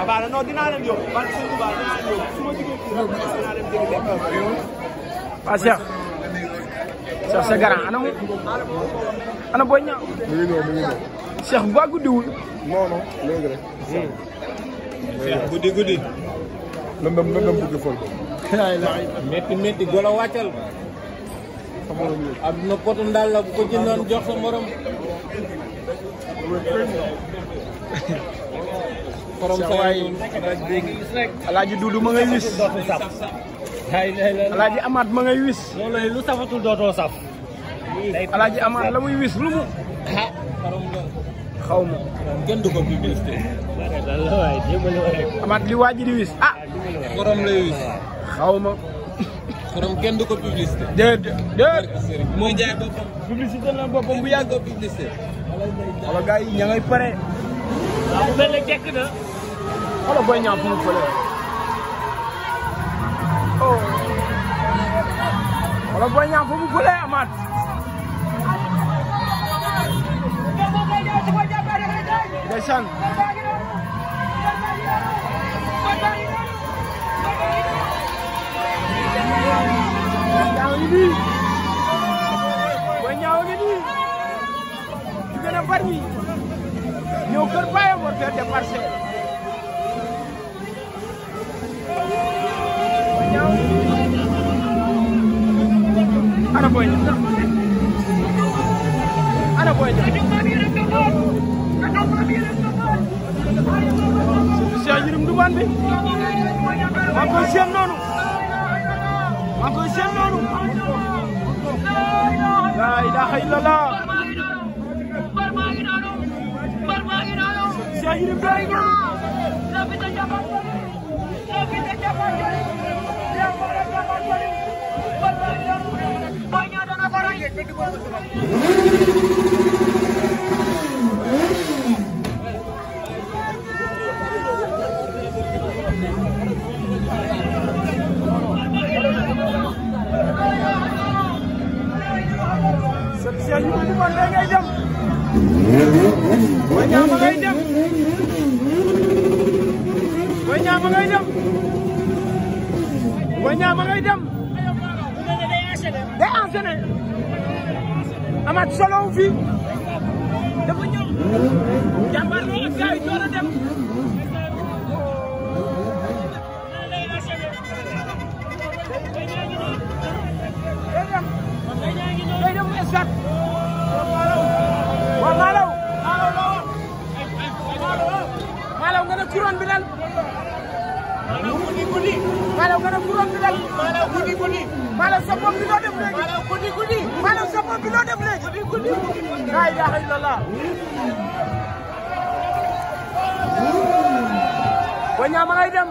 waaw ah, ah, baax na sa garant ana mu ana booy ñaaw ba guddiwul non non léegi rek guddi guddi lëndëm lëndëm guddi fol métti golo wàccal am na potu ndàll la bu ko jox sa morom borom sa alaaji duudu ma ngay wis alaaji amaat ma ngay wis lu safatul dootoo saf alaaji amaat la muy wis lu mu ma kenn du ah borom lay wis xaw ma borom kenn jaay boppam publicité la bu yàgg publicité wala gars yi pare waaw bu mel ne jekk na. xoolal booy ñaar fu mu fële. xoolal oh. booy ñaar fu mu fële amaat. ndeysaan. ñaaw ngi nii. booy ñaaw ngi nii. di gën a bari. ñëw kër baayam war fee démarché ana booy ña ana booy ña Cheikh Yérim Ndoubane bi maa ngi koy seen noonu maa ngi koy seen noonu laa ilaaha illallah şehrin beyni. Zabıta Cemalleri, Zabıta Cemalleri, Cemalleri Cemalleri. Vallahi yanımda. Banyadan aparayım. ma ngay dem Boy Niang ma ngay dem Boy Niang ma ngay dem day enchaîné amat solo fi dafa ñëw yi door maanaam guddi guddi. maanaam sa bopp bi loo def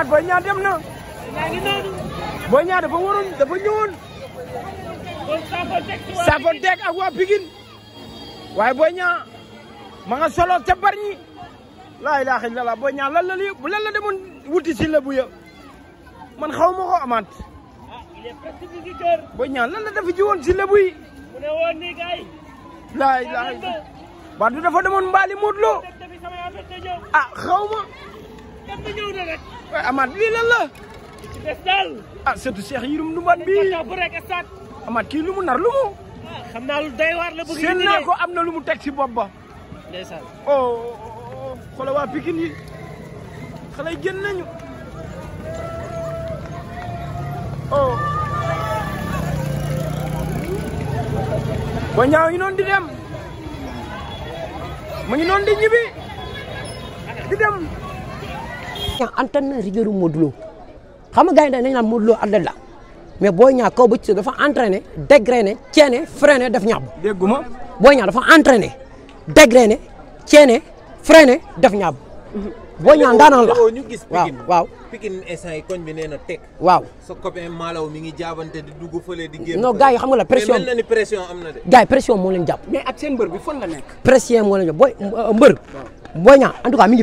mat Boy Niang dem na. Boy Niang dafa waroon dafa ñëwoon. saafoon teg ak waa Pikine. waaye booy Niang ma nga solo ca bar ñi. laa ilaaha illallaah Boy Niang lan la lii lan la demoon wuti si la bu ya man xaw ma ko amaat. Ah, Boy Niang lan la ji woon si la buy. laa ilaaha illallaah waa du dafa demoon i Modou Lo ah xaw ma. waaye eh, Amath lii a la. ci des daal. ah surtout Cheikh kii lu mu nar lu ah, xam naa lu seen naa ko am na lu mu teg si bopp ba. ndeysaan. Oh, oh, oh, oh xoolal waa Pikine yi xale yi génn nañu. oh. ba ñaaw ñu noonu di dem. mu ngi noonu di ñibbi di dem. entraîneur rigueur Modou Lo xam nga gars yi dañu naan Modou Lo athlète la mais Boy Niang kaw ba ci dafa entraîné dégrainé ceene freiné def ñàbb. dégguma Boy Niang def ñàbb. Boy Niang daanaan la ñu gis Pikine waaw Pikine instant yi koñ bi nee na teg waaw sa copain Malaw pression mel na ni pression am na de gars yi pression moo leen jàpp mais ak seen mbër bi fan la nekk booy euh, mbër Boy Niang en tout cas mi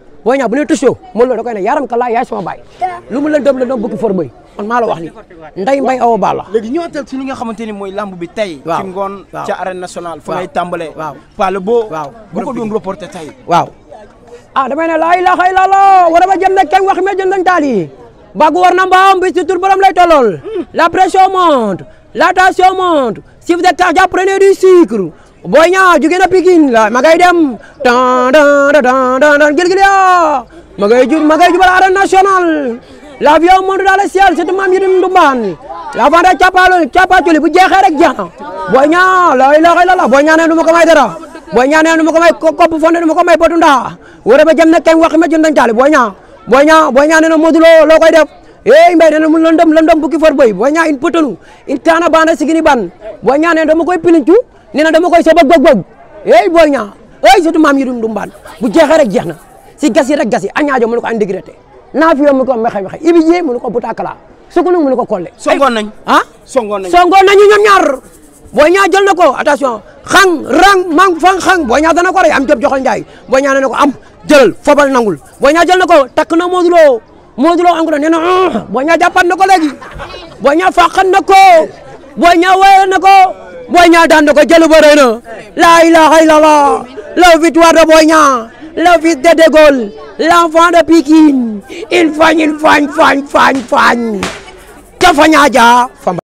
wooy Niang bu nee tësoo Modou Lo da koy ne yaaram ka laa yaay sama baay lu mu leen doom leen doom bëgg for bëri man maa la wax li nday mbay la léegi ñëwatal ci li nga xamante ni mooy lamb bi tay ci ngoon ca arène nationale fa ngay tàmbalee waaw pale boo waaw bu ko doon reporté tey a ah damay ne laa ilaaha illallaah war a ma jëm nag kenn wax ma jëm nañ daal yi bàggu war na mbaam bi ci tur borom lay tollool la pression monte la tension monte si vous êtes cardiaque prenez du sucre Boy Niang jóge na Pikine la ma ngay dem tan tan tan tan gilgil ya ma ngay ju ma ngay jubal arène nationale la vie au monde dans le ciel c'est maam Yérim Ndoumane la vente cappalu cappaculi bu jeexee rek jeex na Boy Niang la ilaha illallah Boy Niang nee du ma ko may dara Boy Niang nee du ma ko may kopp fonde du ma ko may botu ndaa wara ba jam na kañ wax ma jënd dañ taale Boy Niang Boy Niang Boy Niang nee na Modou Lo loo koy def eey mbay nene mun lëndëm lëndëm bukki for boy Boy Niang in pëtalu in taana baana sigini ban Boy Niang nee dama koy pilincu nee na dama koy sa bëgg bëgg bëgg yooyu booy ñaa maam yi dum dumbaan bu jeexee rek jeex na si gas a rek gas yi añaajo mënu ko andi regretté naa fi yow mënu ko mexe mexe ibi jee mënu ko butakala sukkandu mënu ko kolle songoon nañ ah songoon nañ songoon nañu ko attention xang rang mang fang xang booy ñaa dana ko rey am jëb joxal njaay booy ñaa na ko am jëlal fobal nangul booy ñaa na ko takk na Modou Lo Modou Lo angura ko léegi booy ñaa fàqan na ko booy ñaa wéyal na Boy Niang daan na jël ba rëy na la ilaha illallah la victoire de Boy Niang la victoire de il fagne il fagne fagne fagne fagne ca